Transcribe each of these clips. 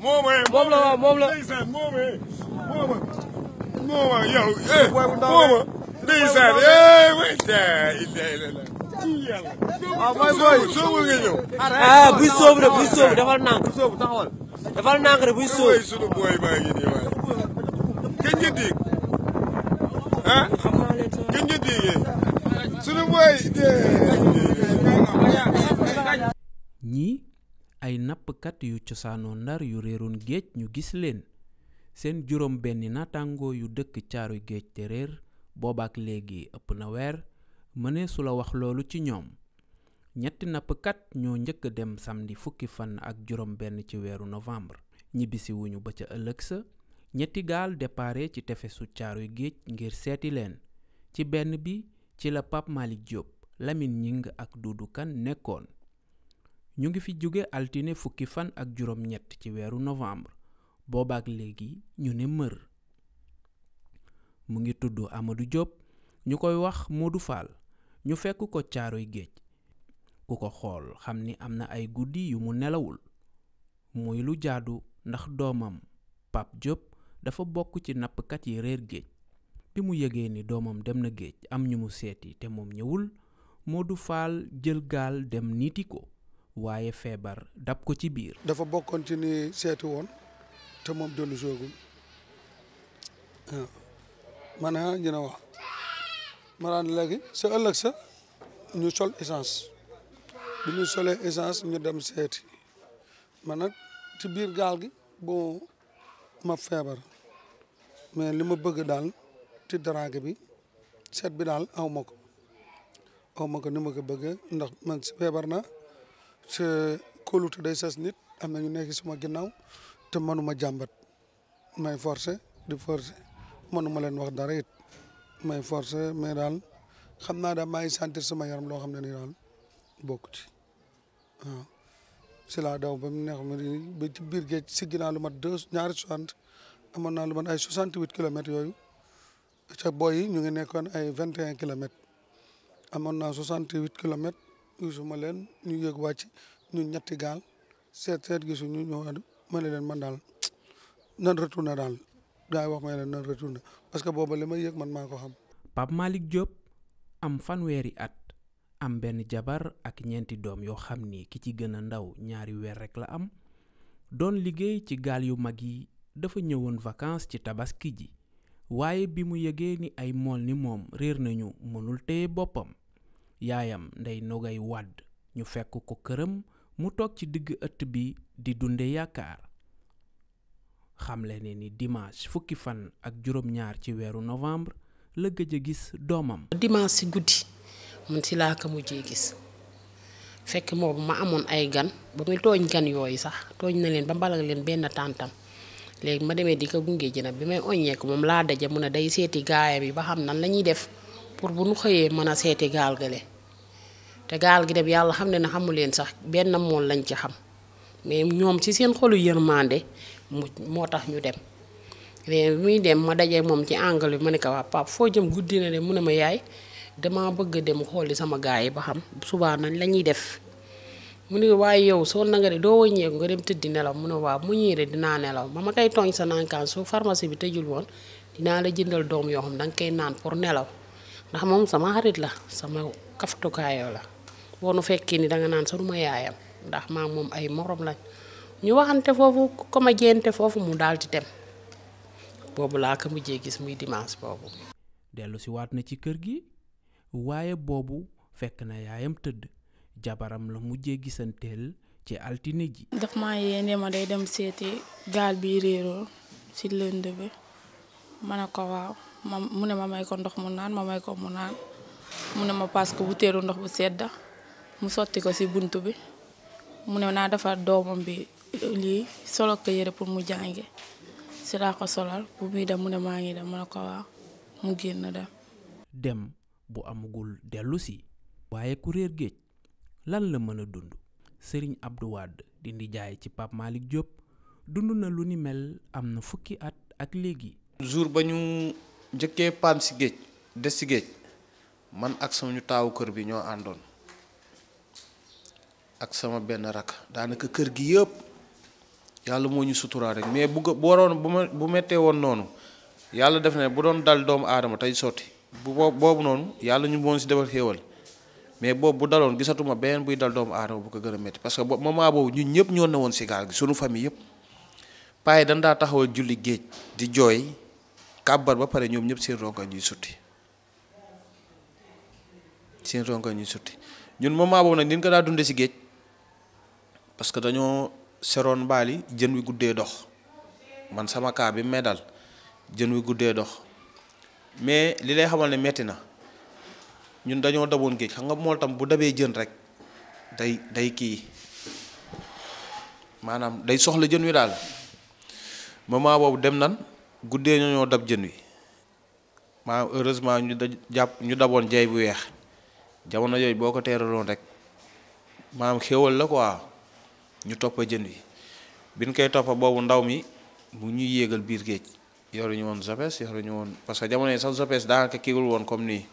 moomee eh, moom la waaw moom la ndeysaan moomee eh, mooma eh, mooma yow mooma ndeysaan way da illa waaw mooy ah, booy soobu nga ñëw ah buy soobu de buy soobu dafal nànk soobu taxawal dafal nànk de buy soobu mooy sunu booy baa ngi nii waaye kañ nga dégg ah kañ nga déggee sunu booy ñii ay nappkat yu cosaanoo ndar yu réeroon géej ñu gis leen seen juróom benni naataangoo yu dëkk caaru géej te réer boobaak léegi ëpp na weer mëneesula wax loolu ci ñoom ñetti nappkat ñoo njëkk dem samdi fukki fan ak juróom benn ci weeru novembre ñibbisiwuñu ba ca ëllëg sa ñetti gaal dépare ci tefesu caaru géej ngir seeti leen ci benn bi ci la Pape Malick Diop Lamine Ñing ak Duudu Kan nekkoon ñu ngi fi jóge altine fukki fan ak juróom ñett ci weeru novembre boobaak léegi ñu ne mër mu ngi tudd amadou diop ñu koy wax modou fall ñu fekk ko caaroy géej ku ko xool xam ni am na ay guddi yu mu nelawul muy lu jaadu ndax doomam pap diop dafa bokk ci nappkat yi réer géej bi mu yëgee ni doomam dem na géej am ñu mu seeti te moom ñëwul modou fall jël gaal dem niiti ko waaye feebar dab ko ci biir. dafa bokkoon ci ni seeti woon te moom dellu soogul waaw ah. man ah ñu ne wax ma léegi sa ëllëg sa ñu sol essence bu ñu solee essence ñu dem seeti man nag ci biir gaal gi bon ma feebar mais li ma bëgg daal ci drague bi seet bi daal aw ma ko aw ma ko ni ma ko bëggee ndax man si feebar naa. kóolute day sas nit am na ñu nekk suma ginnaaw te manuma jàmbat may forcé di forcé manuma leen wax dara it may forcé mais daal xam naa daal maa ngi sentir sama yaram loo xam ne ni daal bokk ci waaw si laa daw ba mu neex ma ba ci biir géej siggi naa lu mat deux ñaari soixante amoon naa lu mat ay soixante huit kilomètres yooyu ca boy yi ñu ngi nekkoon ay vingt et un kilomètres amoon naa soixante huit kilomètres gisuma len ñu yegg wacc ñun ñetti gal set set gisu ñu ànd ma ne leen man dal nan retourna dal gaay wax ma nan retourna parce que booba li yegg man mako xam. pap malik Diop am fanweeri at am ben jabar ak ñenti dom yo xamni ni ki ci gëna ndaw ñaari wér rek la am doon liggéey ci gaal yu mag yi dafa ñëwoon vacances ci tabaski ji waaye bi mu yëgee ni ay mool ni moom réer nañu mënul téye boppam Yayam ndey nogay Wad, ñu fekk ko këram mu toog ci digg ëtt bi di dunde yaakaar xam ne ni dimanche fukki fan ak juróom ñaar ci weeru novembre la gis doomam dimanche si guddi mun si laa ko mujjee gis fekk boobu ma amoon ay gan ba muy tooñ gan yooyu sax tooñ na leen ba mbalal leen benn tantam léegi ma demee di ko gunge jëna bi may oññeeku moom laa daje mu ne day seeti gaayam yi ba xam nan la def pour bu nu xëyee mën a seeti gaal gale te gaal gi dem yàlla xam ne na xamu leen sax benn mool lañ ci xam mais ñoom ci seen xolu yërmande mu moo tax ñu dem mais muy dem ma dajee moom ci angle bi ma ne ko waa pap foo jëm guddi na de ne ma yaay dama bëgg a dem xooli sama gaay yi ba xam subaa nañ la ñuy def mu ne waaye yow soo na de doo wëññeeku nga dem tëddi nelaw mun ne waaw mu ñëwee dinaa nelaw ba ma koy tooñ sa nankaan su pharmacie bi tëjul woon dinaa la jëndal doom yoo xam danga koy naan pour nelaw ndax moom sama xarit la sama kaftukaayoo la boo nu fekkee ni danga naan saruma yaayam ndax maa moom ay morom lañ ñu waxante foofu ko ma jéente foofu mu daal di dem boobu laa ko mujjee gis muy dimanche boobu dellu si waat na ci kër gi waaye boobu fekk na yaayam tëdd jabaram la mujjee gisanteel ci altine ji daf maa yéene ma day dem seeti gaal bi réeroo si lënd bi ma ne ma mu ne ma may ko ndox mu naan ma may ko mu naan mu ne ma paas ko butéelu ndox bu sedda mu sotti ko si bunt bi mu ne naa defar doomam bi euh, lii solo ko yére pour mu jànge si laa ko solal bu muy dem mu ne maa ngi dem mu ne ko waaw mu génn dem. dem bu amugul dellusi waaye ku réer géej lan la mën a dund sëriñ Abdou Wade di ci Pape Malick Diop dund na lu ni mel am na fukki at ak léegi. jour ba ñu njëkkee paan si géej des si géej man ak sama ñu taawu kër bi ñoo àndoon ak sama benn rakk daanaka kër gi yëpp yàlla moo ñu suturaa rek mais bu bu waroon bu ma bu mettee woon noonu yàlla def ne bu doon dal doomu aadama tey sotti bu boobu noonu yàlla ñu boon si defal xéewal mais boobu bu daloon gisatuma beneen buy dal doomu aadama bu ko gën a métti parce que moment boobu ñu ñëpp ñoo ne woon si gaal gi sunu famille yëpp paay dañ daa taxawal julli géej di jooy kàbbar ba pare ñoom ñëpp seen rongoñ ñuy sutti seen rongoñ ñuy sutti ñun moment boobu nag ni ñu ko daa dunde si géej parce que dañoo seroon mbaal jën wi guddee dox man sama kaa bi may dal jën wi guddee dox mais li lay xamal ne metti na ñun dañoo daboon géej xam nga mool tam bu dabee jën rek day day kii maanaam day soxla jën wi daal moment boobu dem nan guddee ñoo ñoo dab jën wi maanaam heureusement ñu da jàpp ñu daboon jeey bu weex jamono yooyu boo ko teeraloon rek maanaam xéwal la quoi ñu toppa jën wi biñ koy toppa boobu ndaw mi mu ñuy yéegal biir géej yoruñu woon GPS yoruñu woon parce que jamono yi sax GPS daanaka kiigul woon comme nii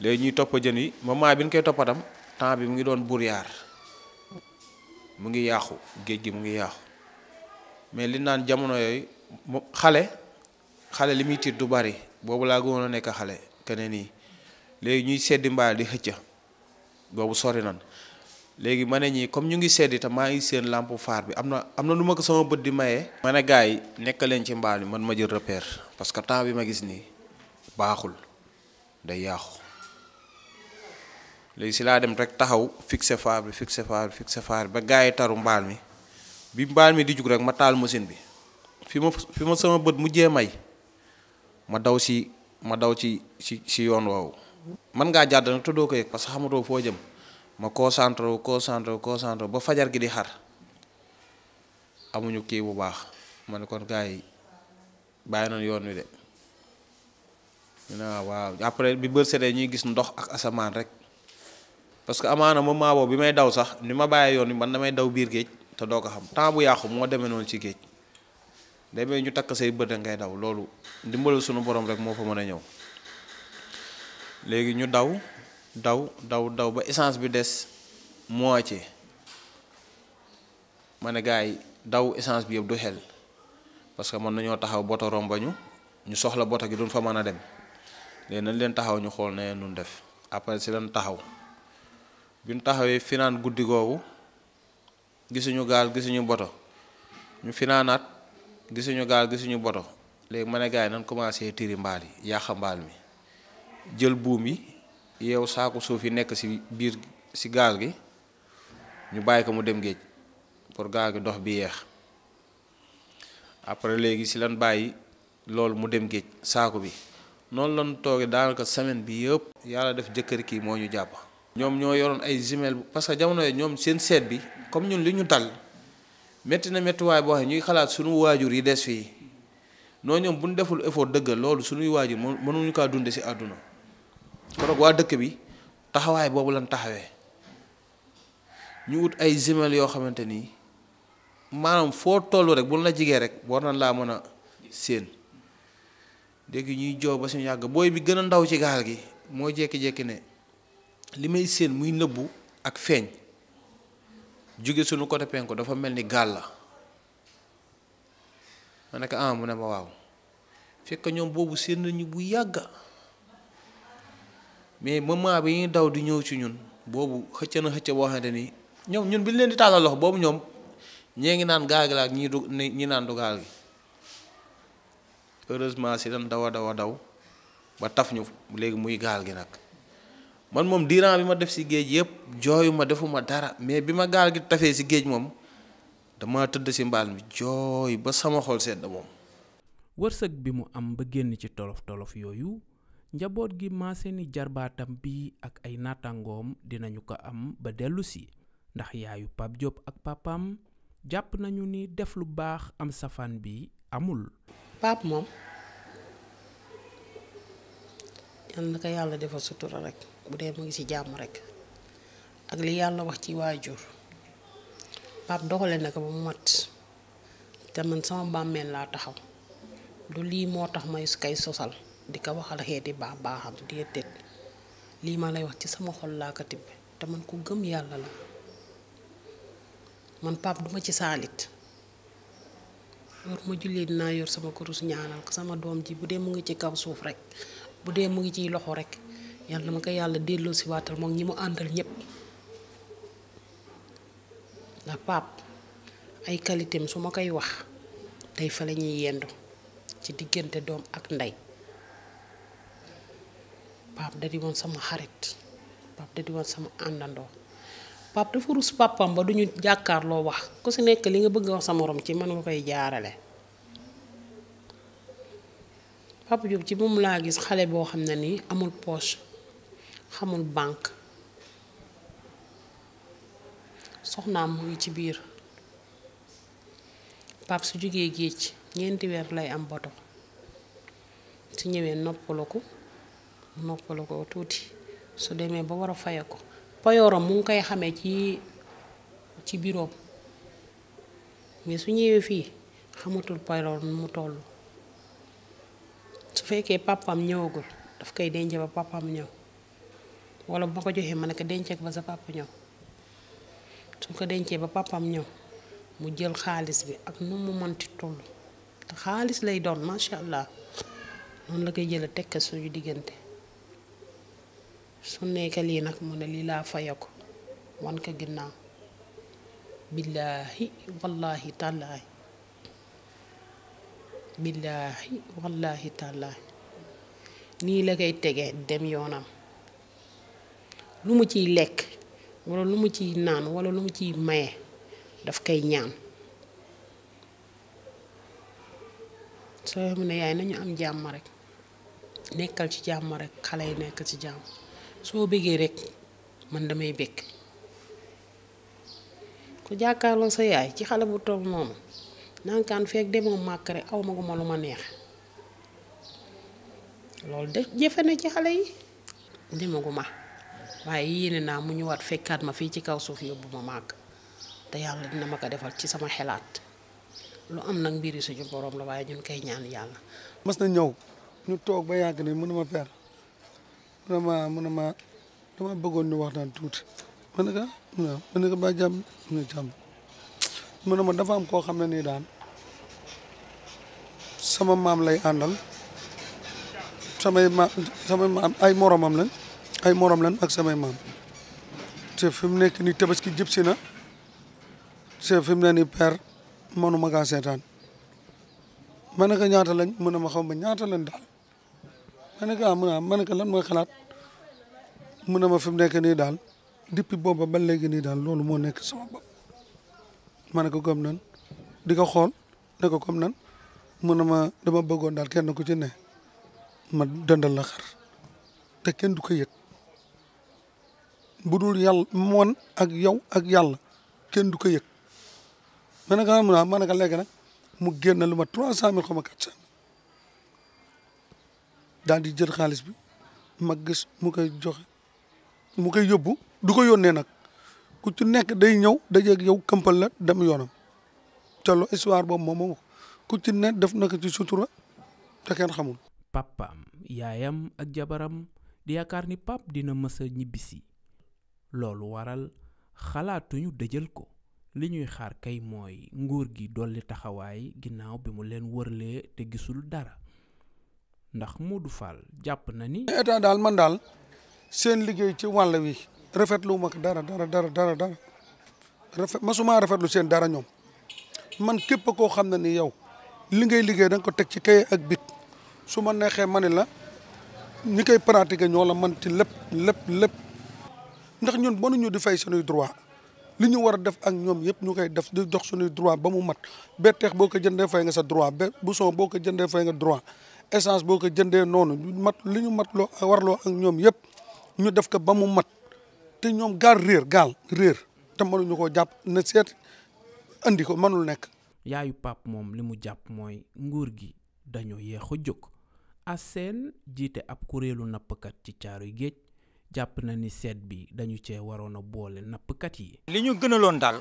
léegi ñuy toppa jën wi moment bi ñu koy toppatam temps bi mu ngi doon buriyaar mu ngi yàqu géej gi mu ngi yàqu mais li naan jamono yooyu xale xale li muy tiit du bari boobu laa gënoon a nekk xale kene nii léegi ñuy seddi mbaal di xëcca boobu sori nan léegi ma ne ñii comme ñu ngi seddi te maa ngi seen lampe phare bi am na am ko sama bët di maye. ma ne gars leen ci mbaal man ma jël repère parce que temps bi ma gis baaxul day yaaxu dem rek taxaw fixé phare bi fixé phare bi phare ba gars taru mi bi mi di rek ma taal machine bi. fi ma fi ma sama bët mujjee may ma daw si ma daw ci ci si yoon woowu man ngaa jàdd nag tuddoo ko yëg parce que xamatoo foo jëm ma concentré wu concentré wu concentré ba fajar gi di xar amuñu kii bu baax ma ne kon gars yi bàyyi nañ yoon wi de ñu ne waaw après bi bër setee ñuy gis ndox ak asamaan rek parce que amaana moment boobu bi may daw sax ni ma bàyyee yoon wi man damay daw biir géej te doo ko xam temps bu yàqu moo demee noonu ci géej day bay ñu takk say bët ngay daw loolu ndimbalal sunu borom rek moo fa mën a ñëw léegi ñu daw daw daw daw ba essance bi des moitié ma ne gars yi daw essance bi yëpp du xel parce que mën nañoo taxaw boto romba ñu ñu soxla boto gi duñ fa mën a dem léegi nañ leen taxaw ñu xool ne nun def après si leen taxaw bi ñu taxawee finaan guddi googu gisuñu gaal gisuñu boto ñu finaanaat gisuñu gaal gisuñu boto léegi ma ne gars yi nan commencé tiri mbaal yi yàq mbaal mi jël buum yi yow saaku suuf yi nekk si biir si gaal gi ñu bàyyi ko mu dem géej pour gaal gi dox bi yeex après léegi si lan bàyyi loolu mu dem géej saaku bi noonu lan toogee daanaka semaine bi yëpp yàlla def jëkkër kii moo ñu jàpp ñoom ñoo yoroon ay jumelles parce que jamono yooyu ñoom seen seet bi comme ñun li ñu dal métti na méttiwaay boo xam ne ñuy xalaat suñu waajur yi des fii noo ñoom bu ñu deful effort dëggal loolu suñuy waajur mënuñu kaa dunde si àdduna kon waa dëkk bi taxawaay boobu lan taxawee ñu wut ay jumelles yoo xamante ni maanaam foo toll rek bu la jigee rek war na laa mën a séen dégg ñuy joow ba suñu yàgg booy bi gën a ndaw ci gaal gi moo jékki-jékki ne li may séen muy nëbbu ak feeñ jóge suñu côté penku dafa mel ni gaal la ma ne ko ah, ne ma waaw fekk ñoom boobu séen nañu bu yàgg mais moment bi ñuy daw di ñëw ci ñun boobu xëcc na xëcc boo xamante ni ñoom ñun bi leen di tàllal loxo boobu ñoom ñee ngi naan gaal gi la ak ñii du ñi naan du gaal gi heureusement si dañ daw a daw a daw ba taf ñu léegi muy gaal gi nag. man mom diiran bi ma def ci geej yëpp joyuma defuma dara mais bima gal gi tafé ci geej mom dama teud ci mbal mi joy ba sama xol da mom wërsëg bi mu am ba génn ci tolof-tolof yooyu njaboot gi maase ni jarbaatam bi ak ay naataangoom dinañu ko am ba dellu si ndax yaayu pap job ak papam jàpp nañu ni def lu baax am safaan bi amul pap mom, yal na ko yàlla defal sutura rek bu dee mu ngi ci jàmm rek ak li yàlla wax ci waajur pap doxale na ko ba mu mat te man sama mbàmmeel laa taxaw du lii moo tax may kay sosal di ko waxal xeeti baax baaxam déedéet lii ma lay wax ci sama xol laa ko tibb te man ku gëm yàlla la man pap duma ci saalit yor ma jullee dinaa yor sama kurus ñaanal ko sama doom ji bu dee mu ngi ci kaw suuf rekk bu dee mu ngi ciy loxo rekk yalla ma ko yalla delo ci watal mo ñi mu andal ñep ndax pap ay qualité mu suma kay wax tay fa lañuy ñuy yendu ci diggante doom ak nday pap da di woon sama xarit pap da di sama àndandoo paap dafa rus papam ba duñu lo wax ku ci nek li nga bëgg wax sama morom ci man nga fay jaarale pap jop ci moom la gis xalé bo xamna ni amul poche xamul bànk soxnaam mu ngi ci biir pap su jógee géej ñeenti weer lay am boto su ñëwee noppalaku noppalaku tuuti su demee ba war a faye ko payooram mu ngi koy xamee ci ci biroom mais su ñëwee fii xamatul payoor mu toll su fekkee papam ñëwagul daf koy denc ba papam ñëw wala bu ma ko joxee ma ne ko dencee ko ba sa papa ñëw su ko dencee ba papam ñëw mu jël xaalis bi ak nu mu mënti toll te xaalis lay doon macha allah noonu la koy jëlee teg ko suñu diggante su nekk lii nag mu ne lii laa faya ko wan ko ginnaaw billaahi wallaahi tàllaay billaahi wallaahi tàllaay nii la koy tege dem yoonam lu mu ci lek wala lu mu ci nan wala lu mu ci maye daf kay ñaan so mu ne yaay nañu am jamm rek nekkal ci jamm rek xalé nekk ci jamm so bege rek man damay bekk ko jàkkaarloo sa yaay ci xalé bu tok noonu nankaan feeg demoo màkk aw ma ko ma lu neex lol de jëfe na ci xalé yi waaye yéene naa mu ñëwaat fekkaat ma fii ci kaw suuf yóbbu ma màgg te yàlla dina ma ko defal ci sama xelaat lu am nag mbiri suñu borom la waaye ñun koy ñaan yàlla. mas na ñëw ñu toog ba yàgg nii mënuma per mënuma mënuma dama bëggoon ñu waxtaan tuuti mën nga waaw mën nga ba jàmm ñu jàmm dafa am koo xam ne nii daan sama maam lay àndal samay ma samay maam ay moroomam lañ. ay morom lan ak samay maam te fi mu nekk nii tabaski jëb si na te fi ne ni père mënuma kaa seetaan ma ne ko ñaata lañ mu ne ma xaw ma ñaata lañ daal ma ne ko ah, ma lan mooy xalaat mu ne ma fi mu nekk ni daal depuis booba ba léegi nii daal loolu moo nekk sama bopp ma ne ko comme nan di ko xool ne ko comme nan mu ne ma dama bëggoon daal kenn ku ci ne ma dëndal la xar te kenn du ko yëg bu dul yàlla moon ak yow ak yàlla kenn du ko yëg ma ne ko ma ne ko léegi nag mu génn lu ma trois cent mille xaw ma quatre cent daal di jël xaalis bi ma gis mu koy joxe mu koy yóbbu du ko yónnee nag ku ci nekk day ñëw dajeeg yow këmpal la dem yoonam te loo histoire boobu moom moo ku ci ne def nekk ci sutura te kenn xamul. papaam yaayam ak jabaram di yaakaar ni pap dina mës ñibbisi. loolu waral xalaatuñu dëjal ko li ñuy xaar kay mooy nguur gi dolli taxawaay ginnaaw bi mu leen wërlee te gisul dara ndax Modou Fall jàpp na ni. état daal man daal seen liggéey ci wàll wi rafetlu ma ko dara dara dara dara dara rafet masuma rafetlu seen dara ñoom man képp koo xam ne ni yow li ngay liggéey da nga ko teg ci kay ak bit su ma neexee ma ne pratiquer ñoo man ci lépp lépp lépp ndax ñun mënuñu di fay suñuy droit li ñu war a def ak ñoom yëpp ñu koy def di jox suñuy droit ba mu mat beteex boo ko jëndee fay nga sa droit be bouchon boo ko jëndee fay nga droit essence boo ko jëndee noonu ñu mat li ñu mat loo warloo ak ñoom yëpp ñu def ko ba mu mat te ñoom gaal réer gaal réer te mënuñu ko jàpp na seet andi ko mënul nekk. yaayu Pape moom li mu jàpp mooy nguur gi dañoo yéex a jóg. Aseen jiite ab kuréelu nappkat ci caaru géej jàpp na ni seet bi dañu cee waroon a boole nappkat yi. li ñu gënaloon daal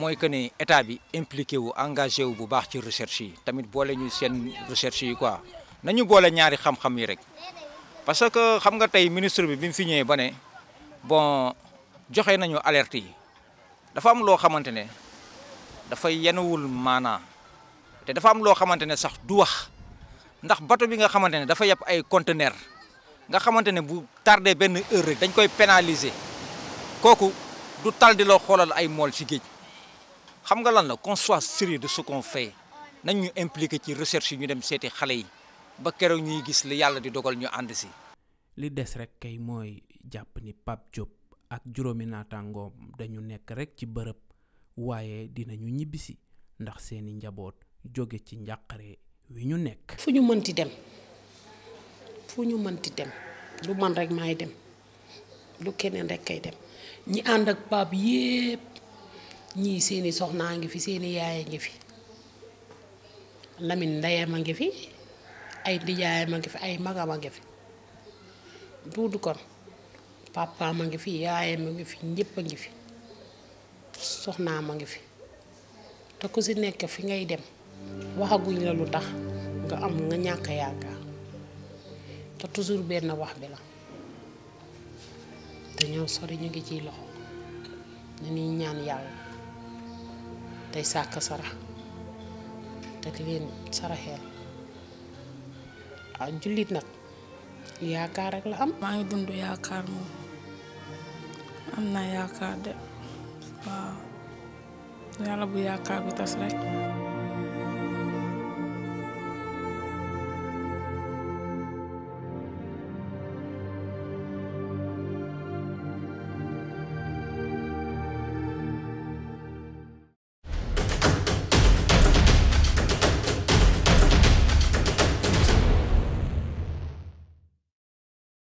mooy que ne état bi impliqué wu engagé wu bu baax ci recherche yi tamit boole ñuy seen recherche yi quoi nañu boole ñaari xam-xam yi rek parce que xam nga tey ministre bi bi mu fi ñëwee ba ne bon joxe nañu alerte yi dafa am loo xamante ne dafa yenuwul maanaa te dafa am loo xamante ne sax du wax ndax bato bi nga xamante ne dafa yàpp ay conteneur nga xamante ne bu tardé benn heure rek dañ koy pénaliser kooku du tal di la xoolal ay mool ci géej xam nga lan la qu'on soit sérieux de ce qu'on nañu nañ ñu impliqué ci recherche yi ñu dem seeti xale yi ba keroog ñuy gis li yàlla di dogal ñu ànd si. li des rek kay mooy jàpp ni Pape Diop ak juróomi naataangoom dañu nekk rek ci bërëb waaye dinañu ñibbisi ndax seeni njaboot jóge ci njàqare wi ñu nekk. fu ñu mënti dem. fu ñu mënti dem lu mën rek maay dem lu keneen rekk kay dem ñi ànd ak pap yépp ñii seeni soxnaa ngi fi seeni yaay a ngi fi Lamine ndeyam a ngi fi ay ndijaayam a ngi fi ay magam a ngi fi duudu kon papaam a ngi fi yaayam a ngi fi ñépp a ngi fi soxnaam a ngi fi te ku si nekk fi ngay dem waxaguñ la lu tax nga am nga ñàkk yaakaar ta toujours ben wax bi la dañoo sori ñu ngi ci loxo dañuy ñaan yàlla tey sàkk sarax te di sara xel ah julit nak yaakar rek la am ma ngi dundu yaakar mo am na yaakar de waaw yalla bu yaakar bi tass rek